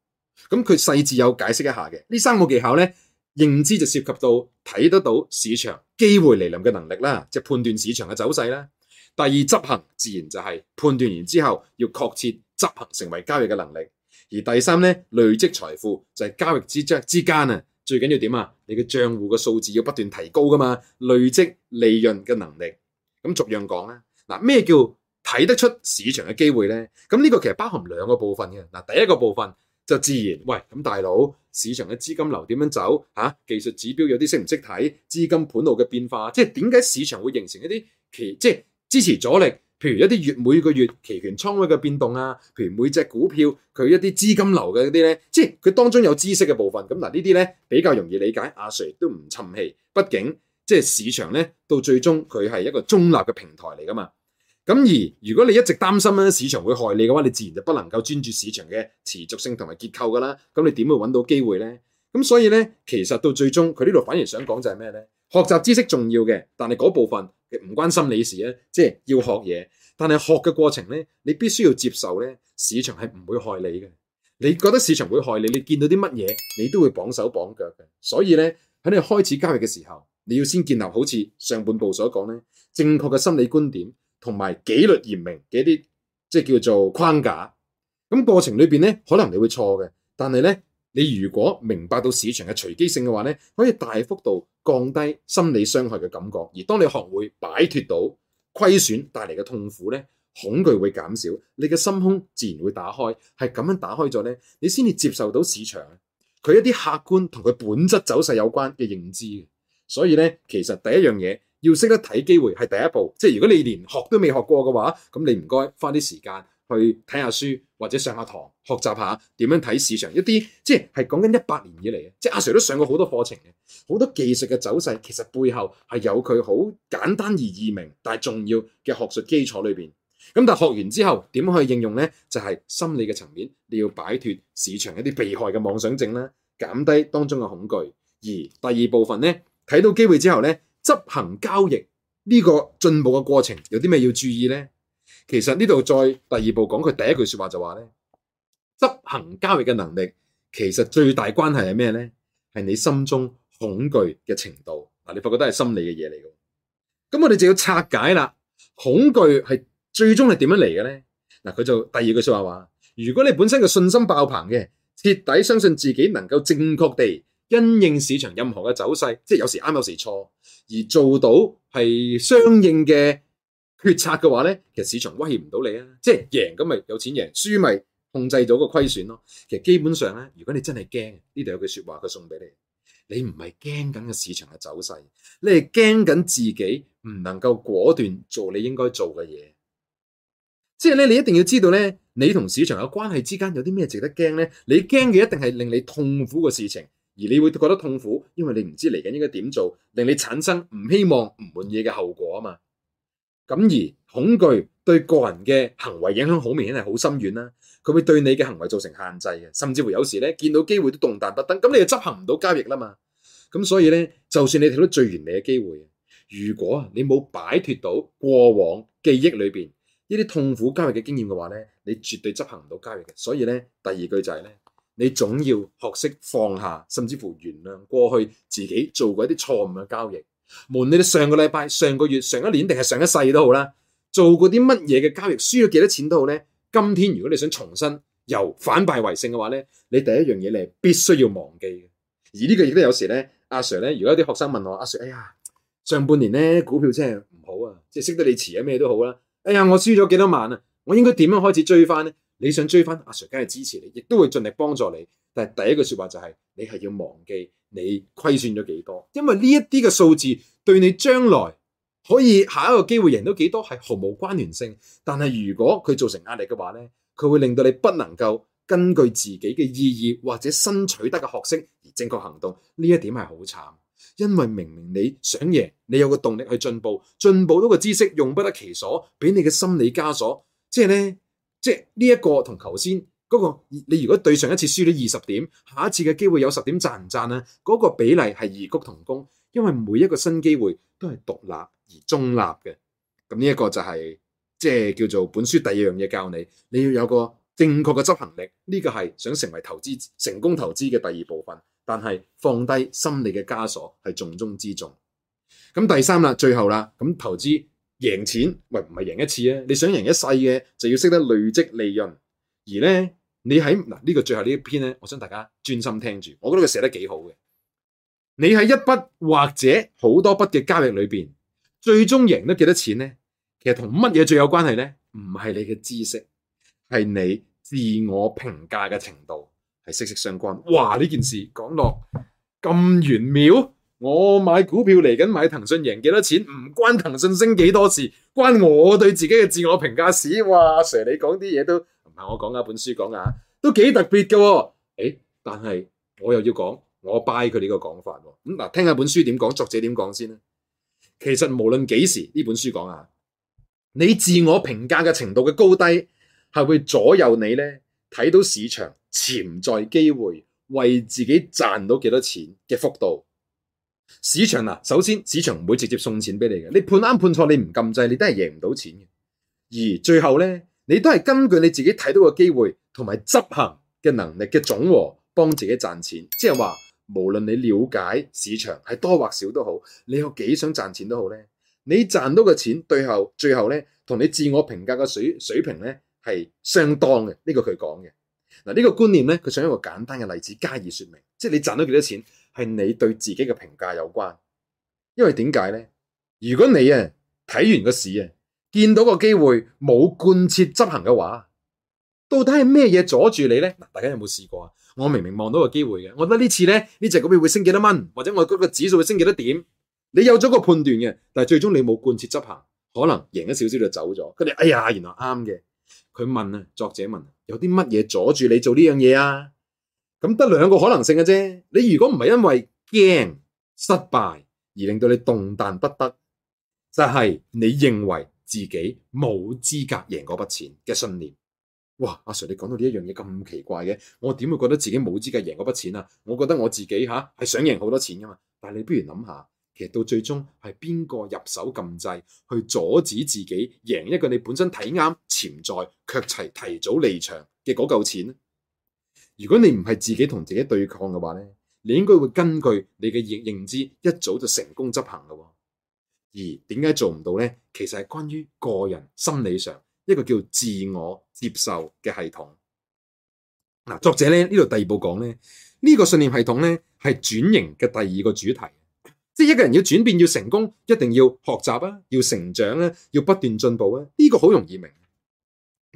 咁佢細緻有解釋一下嘅呢三個技巧呢，認知就涉及到睇得到市場機會嚟臨嘅能力啦，即係判斷市場嘅走勢啦。第二執行自然就係判斷完之後要確切執行成為交易嘅能力。而第三呢，累積財富就係交易之即係之間啊，最緊要點啊，你嘅賬戶嘅數字要不斷提高噶嘛，累積利潤嘅能力。咁逐樣講啦。嗱，咩叫睇得出市場嘅機會呢？咁呢個其實包含兩個部分嘅。嗱，第一個部分，就自然，喂咁大佬，市場嘅資金流點樣走吓，啊？技術指標有啲識唔識睇？資金盤路嘅變化，即係點解市場會形成一啲期？即係支持阻力，譬如一啲月每個月期權倉位嘅變動啊，譬如每隻股票佢一啲資金流嘅嗰啲咧，即係佢當中有知識嘅部分。咁嗱呢啲咧比較容易理解，阿、啊、Sir 都唔沉氣，畢竟即係市場咧到最終佢係一個中立嘅平台嚟㗎嘛。咁而如果你一直擔心咧市場會害你嘅話，你自然就不能夠專注市場嘅持續性同埋結構㗎喇。咁你點會揾到機會呢？咁所以呢，其實到最終佢呢度反而想講就係咩呢？學習知識重要嘅，但係嗰部分嘅唔關心理事啊，即係要學嘢。但係學嘅過程呢，你必須要接受呢，市場係唔會害你嘅。你覺得市場會害你，你見到啲乜嘢你都會綁手綁腳嘅。所以呢，喺你開始交易嘅時候，你要先建立好似上半部所講呢正確嘅心理觀點。同埋紀律嚴明嘅一啲即係叫做框架，咁過程裏邊呢，可能你會錯嘅，但係呢，你如果明白到市場嘅隨機性嘅話呢，可以大幅度降低心理傷害嘅感覺。而當你學會擺脱到虧損帶嚟嘅痛苦呢，恐懼會減少，你嘅心胸自然會打開。係咁樣打開咗呢，你先至接受到市場，佢一啲客觀同佢本質走勢有關嘅認知嘅。所以呢，其實第一樣嘢。要識得睇機會係第一步，即係如果你連學都未學過嘅話，咁你唔該花啲時間去睇下書或者上下堂學習下點樣睇市場一，一啲即係講緊一百年以嚟即係阿 Sir 都上過好多課程嘅，好多技術嘅走勢其實背後係有佢好簡單而易明但係重要嘅學術基礎裏邊。咁但係學完之後點去應用呢？就係、是、心理嘅層面，你要擺脫市場一啲被害嘅妄想症啦，減低當中嘅恐懼。而第二部分呢，睇到機會之後呢。執行交易呢個進步嘅過程有啲咩要注意呢？其實呢度再第二步講，佢第一句説話就話呢執行交易嘅能力其實最大關係係咩呢？係你心中恐懼嘅程度啊！你發覺都係心理嘅嘢嚟㗎。咁我哋就要拆解啦。恐懼係最終係點樣嚟嘅呢？嗱，佢就第二句説話話：如果你本身嘅信心爆棚嘅，徹底相信自己能夠正確地，因應市場任何嘅走勢，即係有時啱，有時錯，而做到係相應嘅決策嘅話呢，其實市場威脅唔到你啊。即係贏咁咪有錢贏，輸咪控制咗個虧損咯。其實基本上呢，如果你真係驚，呢度有句說話，佢送俾你，你唔係驚緊個市場嘅走勢，你係驚緊自己唔能夠果斷做你應該做嘅嘢。即係咧，你一定要知道呢，你同市場嘅關係之間有啲咩值得驚呢？你驚嘅一定係令你痛苦嘅事情。而你會覺得痛苦，因為你唔知嚟緊應該點做，令你產生唔希望、唔滿意嘅後果啊嘛。咁而恐懼對個人嘅行為影響好明顯，係好深遠啦。佢會對你嘅行為造成限制嘅，甚至乎有時咧見到機會都動彈不得。咁你就執行唔到交易啦嘛。咁所以咧，就算你睇到最完美嘅機會，如果你冇擺脫到過往記憶裏邊呢啲痛苦交易嘅經驗嘅話咧，你絕對執行唔到交易嘅。所以咧，第二句就係、是、咧。你總要學識放下，甚至乎原諒過去自己做過一啲錯誤嘅交易。無論你上個禮拜、上個月、上一年，定係上一世都好啦，做過啲乜嘢嘅交易，輸咗幾多錢都好咧。今天如果你想重新由反敗為勝嘅話咧，你第一樣嘢你係必須要忘記嘅。而呢個亦都有時咧，阿 Sir 咧，如果有啲學生問我阿 Sir，哎呀，上半年咧股票真係唔好啊，即係識得你遲咗咩都好啦，哎呀，我輸咗幾多萬啊，我應該點樣開始追翻咧？你想追翻阿 Sir，梗係支持你，亦都會盡力幫助你。但係第一個說話就係，你係要忘記你虧損咗幾多，因為呢一啲嘅數字對你將來可以下一個機會贏到幾多係毫無關聯性。但係如果佢造成壓力嘅話呢，佢會令到你不能夠根據自己嘅意義或者新取得嘅學識而正確行動。呢一點係好慘，因為明明你想贏，你有個動力去進步，進步到個知識用不得其所，俾你嘅心理枷鎖，即係呢。即係呢一個同頭先嗰個，你如果對上一次輸咗二十點，下一次嘅機會有十點賺賺呢，賺唔賺咧？嗰個比例係異曲同工，因為每一個新機會都係獨立而中立嘅。咁呢一個就係、是、即係叫做本書第二樣嘢教你，你要有個正確嘅執行力。呢、這個係想成為投資成功投資嘅第二部分，但係放低心理嘅枷鎖係重中之重。咁第三啦，最後啦，咁投資。贏錢喂，唔係贏一次啊！你想贏一世嘅，就要識得累積利潤。而呢，你喺嗱呢個最後呢一篇呢，我想大家專心聽住，我覺得佢寫得幾好嘅。你喺一筆或者好多筆嘅交易裏邊，最終贏得幾多錢呢？其實同乜嘢最有關係呢？唔係你嘅知識，係你自我評價嘅程度係息息相關。哇！呢件事講落，咁玄妙。我買股票嚟緊買騰訊贏幾多錢，唔關騰訊升幾多事，關我對自己嘅自我評價事。哇，Sir，你講啲嘢都唔係我講噶，本書講噶都幾特別噶、哦。誒、欸，但係我又要講我 buy 佢呢個講法、哦。咁、嗯、嗱，聽下本書點講，作者點講先啦、啊。其實無論幾時呢本書講啊，你自我評價嘅程度嘅高低，係會左右你呢睇到市場潛在機會，為自己賺到幾多錢嘅幅度。市場嗱，首先市場唔會直接送錢俾你嘅，你判啱判錯，你唔撳掣，你都係贏唔到錢嘅。而最後咧，你都係根據你自己睇到嘅機會同埋執行嘅能力嘅總和，幫自己賺錢。即係話，無論你了解市場係多或少都好，你有幾想賺錢都好咧，你賺到嘅錢最，最後最後咧，同你自我評價嘅水水平咧係相當嘅。呢、這個佢講嘅嗱，呢、這個觀念咧，佢想一個簡單嘅例子加以說明，即係你賺到幾多錢。係你對自己嘅評價有關，因為點解咧？如果你啊睇完個市啊，見到個機會冇貫徹執行嘅話，到底係咩嘢阻住你咧？嗱，大家有冇試過啊？我明明望到個機會嘅，我覺得次呢次咧呢隻股票會升幾多蚊，或者我嗰個指數會升幾多點，你有咗個判斷嘅，但係最終你冇貫徹執行，可能贏咗少少就走咗，佢哋，哎呀，原來啱嘅。佢問啊，作者問，有啲乜嘢阻住你做呢樣嘢啊？咁得兩個可能性嘅啫。你如果唔係因為驚失敗而令到你動彈不得，就係你認為自己冇資格贏嗰筆錢嘅信念。哇！阿 Sir，你講到呢一樣嘢咁奇怪嘅，我點會覺得自己冇資格贏嗰筆錢啊？我覺得我自己吓係想贏好多錢㗎嘛。但係你不如諗下，其實到最終係邊個入手禁制去阻止自己贏一個你本身睇啱潛在卻齊提早離場嘅嗰嚿錢咧？如果你唔係自己同自己對抗嘅話咧，你應該會根據你嘅認認知一早就成功執行噶。而點解做唔到呢？其實係關於個人心理上一個叫自我接受嘅系統。嗱，作者咧呢度第二步講咧，呢個信念系統呢係轉型嘅第二個主題。即係一個人要轉變要成功，一定要學習啊，要成長啊，要不斷進步啊。呢個好容易明。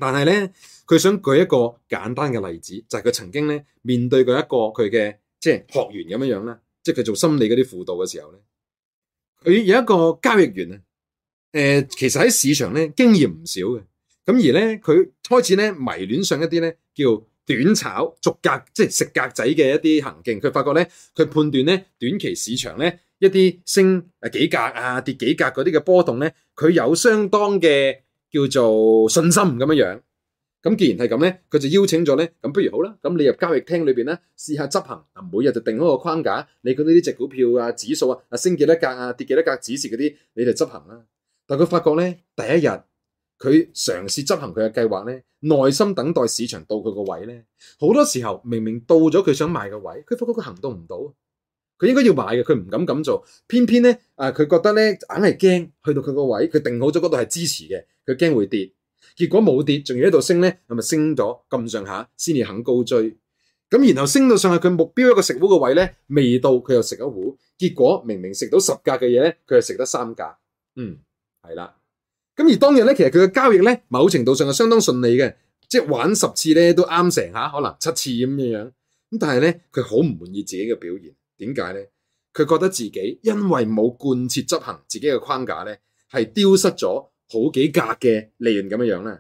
但係咧，佢想舉一個簡單嘅例子，就係、是、佢曾經咧面對過一個佢嘅即係學員咁樣樣咧，即係佢做心理嗰啲輔導嘅時候咧，佢有一個交易員咧，誒、呃，其實喺市場咧經驗唔少嘅，咁而咧佢開始咧迷戀上一啲咧叫短炒逐格，即係食格仔嘅一啲行徑，佢發覺咧佢判斷咧短期市場咧一啲升誒幾格啊跌幾格嗰啲嘅波動咧，佢有相當嘅。叫做信心咁樣樣，咁既然係咁咧，佢就邀請咗咧，咁不如好啦，咁你入交易廳裏邊咧，試下執行，啊，每日就定好個框架，你覺得呢隻股票啊、指數啊、升幾多格啊、跌幾多格，指示嗰啲，你就執行啦。但佢發覺咧，第一日佢嘗試執行佢嘅計劃咧，耐心等待市場到佢個位咧，好多時候明明到咗佢想買嘅位，佢發覺佢行動唔到。佢應該要買嘅，佢唔敢咁做。偏偏咧，啊，佢覺得咧硬係驚去到佢個位，佢定好咗嗰度係支持嘅，佢驚會跌。結果冇跌，仲要喺度升咧，係咪升咗咁上下先至肯高追？咁然後升到上去佢目標一個食壺個位咧，未到佢又食咗糊。結果明明食到十格嘅嘢咧，佢係食得三格。嗯，係啦。咁而當日咧，其實佢嘅交易咧，某程度上係相當順利嘅，即係玩十次咧都啱成下，可能七次咁樣樣。咁但係咧，佢好唔滿意自己嘅表現。點解呢？佢覺得自己因為冇貫徹執行自己嘅框架呢，係丟失咗好幾格嘅利潤咁樣樣咧。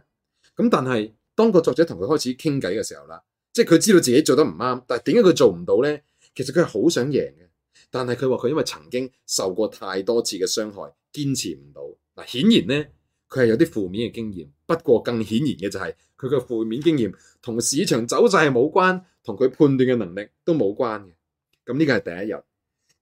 咁但係當個作者同佢開始傾偈嘅時候啦，即係佢知道自己做得唔啱，但係點解佢做唔到呢？其實佢係好想贏嘅，但係佢話佢因為曾經受過太多次嘅傷害，堅持唔到嗱。顯然呢，佢係有啲負面嘅經驗。不過更顯然嘅就係佢嘅負面經驗同市場走勢係冇關，同佢判斷嘅能力都冇關嘅。咁呢個係第一日，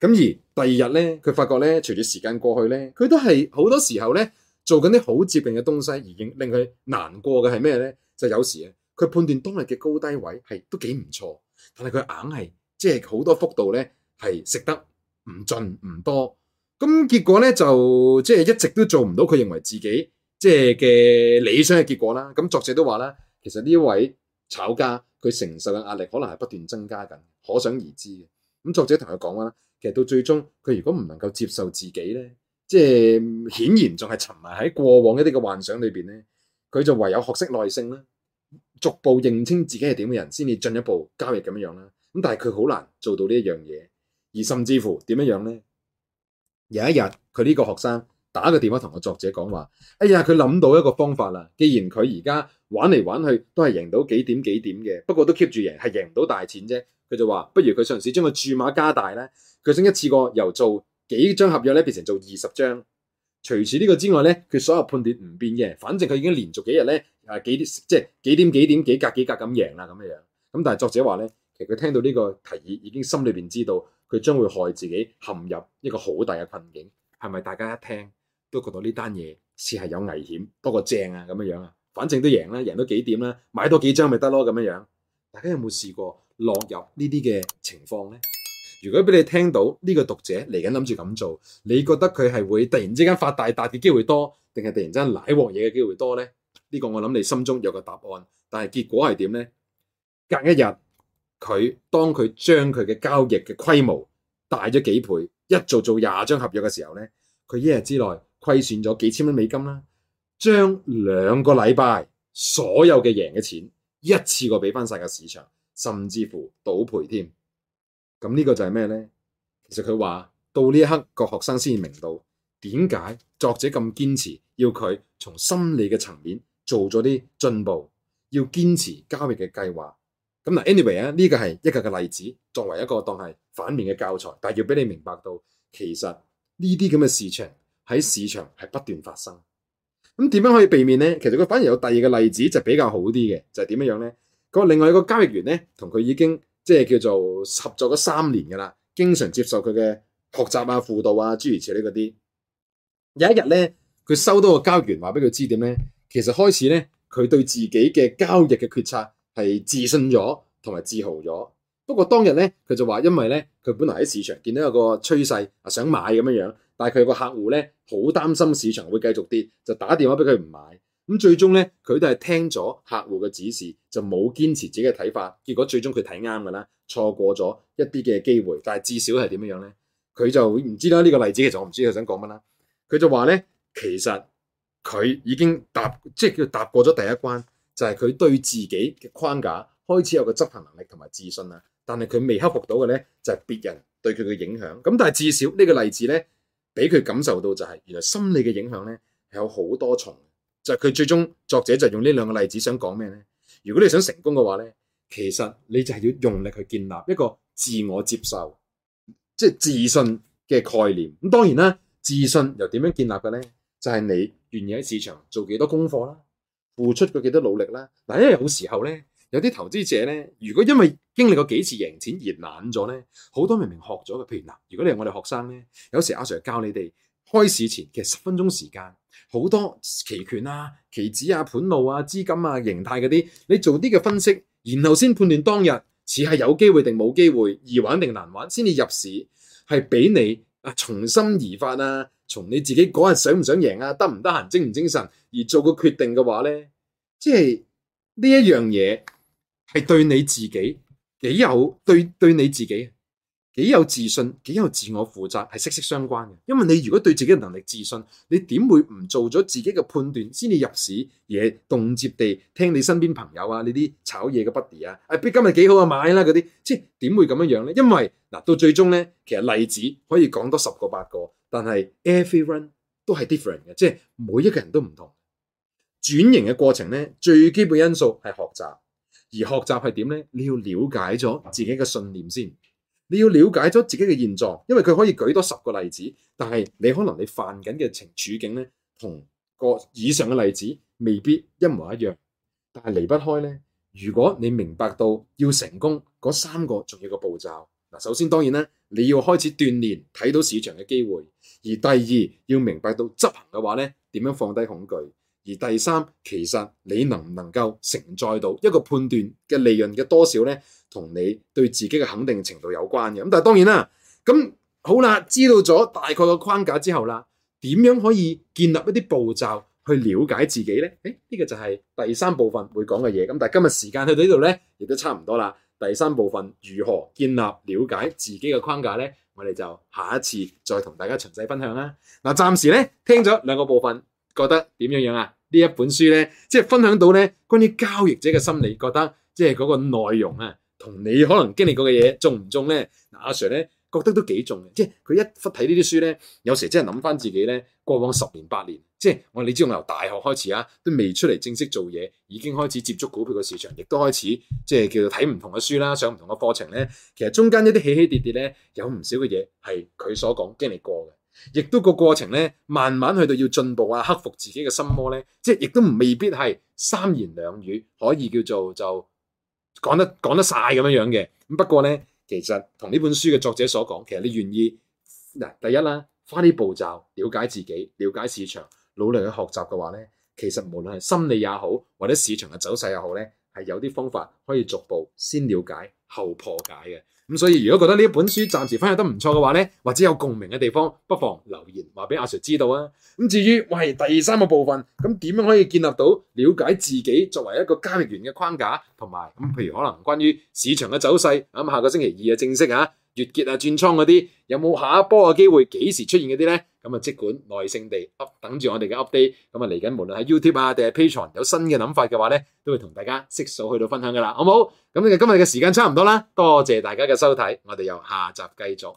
咁而第二日咧，佢發覺咧，隨住時間過去咧，佢都係好多時候咧做緊啲好接近嘅東西，已經令令佢難過嘅係咩咧？就有時咧，佢判斷當日嘅高低位係都幾唔錯，但係佢硬係即係好多幅度咧係食得唔盡唔多，咁結果咧就即係、就是、一直都做唔到佢認為自己即係嘅理想嘅結果啦。咁作者都話咧，其實呢一位炒家佢承受嘅壓力可能係不斷增加緊，可想而知嘅。咁作者同佢講啦，其實到最終佢如果唔能夠接受自己咧，即係顯然仲係沉迷喺過往一啲嘅幻想裏邊咧，佢就唯有學識耐性啦，逐步認清自己係點嘅人，先至進一步交易咁樣樣啦。咁但係佢好難做到呢一樣嘢，而甚至乎點樣樣咧？有一日佢呢個學生打個電話同個作者講話：哎呀，佢諗到一個方法啦。既然佢而家玩嚟玩去都係贏到幾點幾點嘅，不過都 keep 住贏，係贏唔到大錢啫。佢就話，不如佢嘗試將個注碼加大咧，佢想一次過，由做幾張合約咧變成做二十張。除此呢個之外咧，佢所有判斷唔變嘅，反正佢已經連續幾日咧，誒，幾即係幾點幾點幾格幾格咁贏啦咁嘅樣。咁但係作者話咧，其實佢聽到呢個提議，已經心裏邊知道佢將會害自己陷入一個好大嘅困境。係咪大家一聽都覺得呢單嘢似係有危險，多過正啊，咁嘅樣啊，反正都贏啦，贏到幾點啦，買多幾張咪得咯咁嘅樣。大家有冇試過？落入呢啲嘅情況呢，如果俾你聽到呢個讀者嚟緊諗住咁做，你覺得佢係會突然之間發大達嘅機會多，定係突然之間奶鑊嘢嘅機會多呢？呢個我諗你心中有個答案，但係結果係點呢？隔一日，佢當佢將佢嘅交易嘅規模大咗幾倍，一做做廿張合約嘅時候呢，佢一日之內虧損咗幾千蚊美金啦，將兩個禮拜所有嘅贏嘅錢一次過俾翻曬個市場。甚至乎倒賠添，咁、這、呢個就係咩呢？其實佢話到呢一刻，個學生先至明到點解作者咁堅持要佢從心理嘅層面做咗啲進步，要堅持交易嘅計劃。咁、嗯、嗱，anyway 啊，呢個係一個嘅例子，作為一個當係反面嘅教材，但係要俾你明白到其實呢啲咁嘅事情喺市場係不斷發生。咁點樣可以避免呢？其實佢反而有第二個例子就比較好啲嘅，就係、是、點樣呢？個另外一個交易員咧，同佢已經即係叫做合作咗三年㗎喇，經常接受佢嘅學習啊、輔導啊諸如此類嗰啲。有一日咧，佢收到個交易員話俾佢知點咧，其實開始咧佢對自己嘅交易嘅決策係自信咗同埋自豪咗。不過當日咧，佢就話因為咧佢本來喺市場見到有個趨勢啊，想買咁樣樣，但係佢個客戶咧好擔心市場會繼續跌，就打電話俾佢唔買。咁最終咧，佢都係聽咗客戶嘅指示，就冇堅持自己嘅睇法。結果最終佢睇啱嘅啦，錯過咗一啲嘅機會。但係至少係點樣樣咧？佢就唔知啦。呢個例子其實我唔知佢想講乜啦。佢就話咧，其實佢已經踏即係叫踏過咗第一關，就係佢對自己嘅框架開始有個執行能力同埋自信啦。但係佢未克服到嘅咧，就係別人對佢嘅影響。咁但係至少呢個例子咧，俾佢感受到就係原來心理嘅影響咧係有好多重。就佢最終作者就用呢兩個例子想講咩呢？如果你想成功嘅話呢，其實你就係要用力去建立一個自我接受，即係自信嘅概念。咁當然啦，自信又點樣建立嘅呢？就係、是、你願意喺市場做幾多功課啦，付出過幾多努力啦。嗱，因為有時候呢，有啲投資者呢，如果因為經歷過幾次贏錢而懶咗呢，好多明明學咗嘅譬如嗱。如果你係我哋學生呢，有時阿 Sir 教你哋開市前嘅十分鐘時間。好多期權啊、期指啊、盤路啊、資金啊、形態嗰啲，你做啲嘅分析，然後先判斷當日似係有機會定冇機會，易玩定難玩，先至入市，係俾你啊從心而發啊，從你自己嗰日想唔想贏啊，得唔得閒，精唔精神而做個決定嘅話咧，即係呢一樣嘢係對你自己幾有對對你自己。幾有自信，幾有自我負責，係息息相關嘅。因為你如果對自己嘅能力自信，你點會唔做咗自己嘅判斷先至入市，而係動輒地聽你身邊朋友啊，呢啲炒嘢嘅 buddy 啊，誒、啊，今日幾好啊，買啦嗰啲，即係點會咁樣樣呢？因為嗱，到最終呢，其實例子可以講多十個八個，但係 everyone 都係 different 嘅，即係每一個人都唔同。轉型嘅過程呢，最基本因素係學習，而學習係點呢？你要了解咗自己嘅信念先。你要了解咗自己嘅現狀，因為佢可以舉多十個例子，但係你可能你犯緊嘅情處境呢，同個以上嘅例子未必一模一樣，但係離不開呢，如果你明白到要成功嗰三個重要嘅步驟，嗱，首先當然啦，你要開始鍛煉睇到市場嘅機會，而第二要明白到執行嘅話呢，點樣放低恐懼。而第三，其實你能唔能夠承載到一個判斷嘅利潤嘅多少呢？同你對自己嘅肯定程度有關嘅。咁但係當然啦，咁好啦，知道咗大概個框架之後啦，點樣可以建立一啲步驟去了解自己呢？誒，呢個就係第三部分會講嘅嘢。咁但係今日時間去到呢度呢，亦都差唔多啦。第三部分如何建立了解自己嘅框架呢？我哋就下一次再同大家詳細分享啦。嗱，暫時呢，聽咗兩個部分，覺得點樣樣啊？呢一本書咧，即係分享到咧關於交易者嘅心理，覺得即係嗰個內容啊，同你可能經歷過嘅嘢中唔中咧？嗱，阿 Sir 咧覺得都幾中嘅，即係佢一忽睇呢啲書咧，有時真係諗翻自己咧，過往十年八年，即係我話你知道我由大學開始啊，都未出嚟正式做嘢，已經開始接觸股票嘅市場，亦都開始即係叫做睇唔同嘅書啦，上唔同嘅課程咧，其實中間一啲起起跌跌咧，有唔少嘅嘢係佢所講經歷過嘅。亦都個過程咧，慢慢去到要進步啊，克服自己嘅心魔咧，即係亦都未必係三言兩語可以叫做就講得講得晒咁樣樣嘅。咁不過咧，其實同呢本書嘅作者所講，其實你願意嗱，第一啦，花啲步驟了解自己、了解市場、努力去學習嘅話咧，其實無論係心理也好，或者市場嘅走勢也好咧，係有啲方法可以逐步先了解後破解嘅。咁、嗯、所以如果覺得呢一本書暫時分享得唔錯嘅話呢，或者有共鳴嘅地方，不妨留言話俾阿 Sir 知道啊！咁、嗯、至於我係第三個部分，咁、嗯、點樣可以建立到了解自己作為一個交易員嘅框架，同埋咁譬如可能關於市場嘅走勢，咁、嗯、下個星期二嘅正式啊！月結啊，轉倉嗰啲有冇下一波嘅機會？幾時出現嗰啲咧？咁啊，即管耐性地 up 等住我哋嘅 update。咁啊，嚟緊無論喺 YouTube 啊定係 Patreon 有新嘅諗法嘅話咧，都會同大家悉數去到分享噶啦，好唔好？咁你今日嘅時間差唔多啦，多謝大家嘅收睇，我哋又下集繼續。